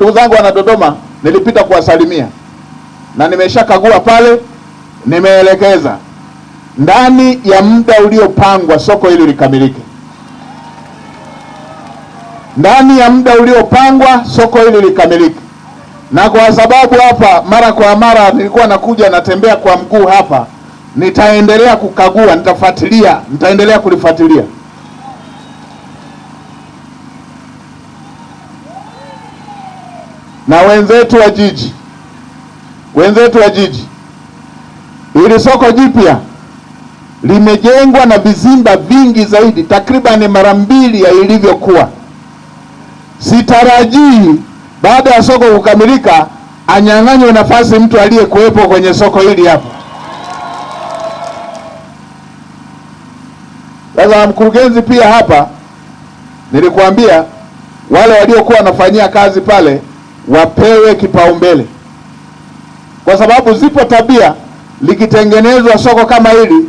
Ndugu zangu wana Dodoma, nilipita kuwasalimia na nimeshakagua pale, nimeelekeza ndani ya muda uliopangwa soko hili likamilike, ndani ya muda uliopangwa soko hili likamilike. Na kwa sababu hapa mara kwa mara nilikuwa nakuja natembea kwa mguu hapa, nitaendelea kukagua, nitafuatilia, nitaendelea kulifuatilia. na wenzetu wa jiji, wenzetu wa jiji, ili soko jipya limejengwa na vizimba vingi zaidi, takribani mara mbili ya ilivyokuwa. Sitarajii baada ya soko kukamilika anyang'anywe nafasi mtu aliyekuwepo kwenye soko hili hapa. Sasa mkurugenzi, pia hapa nilikuambia wale waliokuwa wanafanyia kazi pale wapewe kipaumbele, kwa sababu zipo tabia, likitengenezwa soko kama hili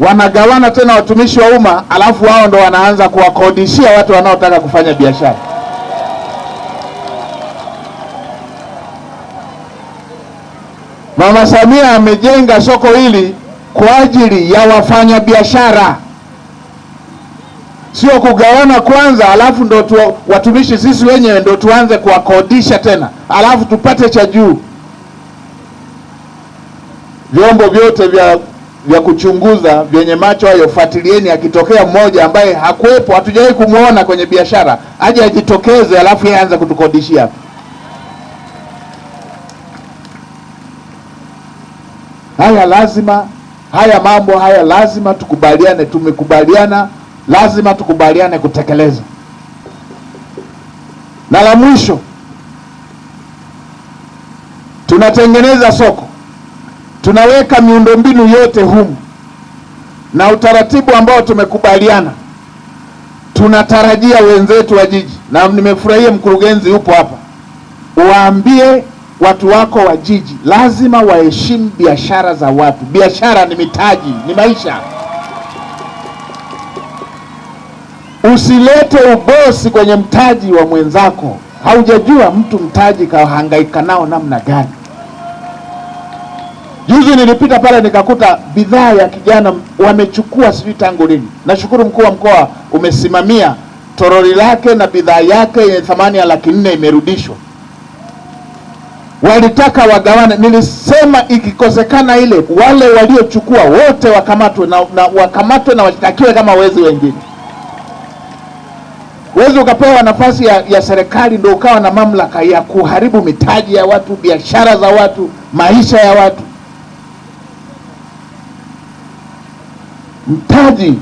wanagawana tena watumishi wa umma, alafu wao ndo wanaanza kuwakodishia watu wanaotaka kufanya biashara. Mama Samia amejenga soko hili kwa ajili ya wafanyabiashara sio kugawana kwanza, alafu ndo tu, watumishi sisi wenyewe ndo tuanze kuwakodisha tena, alafu tupate cha juu. Vyombo vyote vya vya kuchunguza vyenye macho hayo, fuatilieni. Akitokea mmoja ambaye hakuwepo, hatujawahi kumwona kwenye biashara, aje ajitokeze, alafu yeye aanze kutukodishia. Haya lazima, haya mambo haya lazima tukubaliane. Tumekubaliana lazima tukubaliane kutekeleza. Na la mwisho, tunatengeneza soko, tunaweka miundombinu yote humu na utaratibu ambao tumekubaliana. Tunatarajia wenzetu wa jiji, na nimefurahia mkurugenzi yupo hapa, waambie watu wako wa jiji lazima waheshimu biashara za watu. Biashara ni mitaji, ni maisha. Usilete ubosi kwenye mtaji wa mwenzako. Haujajua mtu mtaji kahangaika nao namna gani. Juzi nilipita pale nikakuta bidhaa ya kijana wamechukua, sijui tangu lini. Nashukuru mkuu wa mkoa umesimamia toroli lake na bidhaa yake yenye thamani ya laki nne imerudishwa. Walitaka wagawane, nilisema ikikosekana ile, wale waliochukua wote wakamatwe na, na wakamatwe na washtakiwe kama wezi wengine. Huwezi ukapewa nafasi ya, ya serikali ndio ukawa na mamlaka ya kuharibu mitaji ya watu, biashara za watu, maisha ya watu. Mtaji,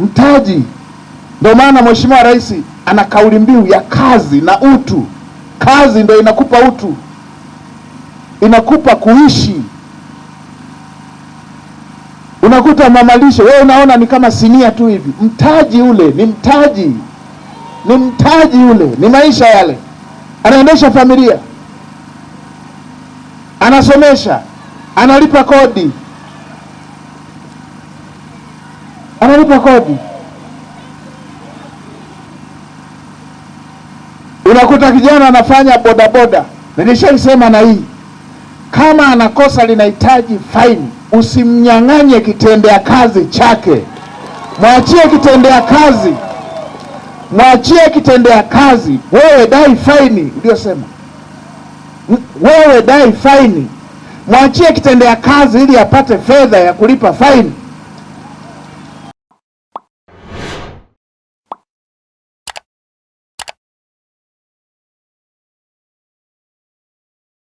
mtaji. Ndio maana Mheshimiwa Rais ana kauli mbiu ya kazi na utu. Kazi ndio inakupa utu, inakupa kuishi. Unakuta mamalisho wewe unaona ni kama sinia tu hivi. Mtaji ule ni mtaji, ni mtaji ule, ni maisha yale. Anaendesha familia, anasomesha, analipa kodi, analipa kodi. Unakuta kijana anafanya bodaboda, nilishaisema na hii kama ana kosa linahitaji faini, usimnyang'anye kitendea kazi chake, mwachie kitendea kazi, mwachie kitendea kazi. Wewe dai faini uliyosema, wewe dai faini, mwachie kitendea kazi ili apate fedha ya kulipa faini.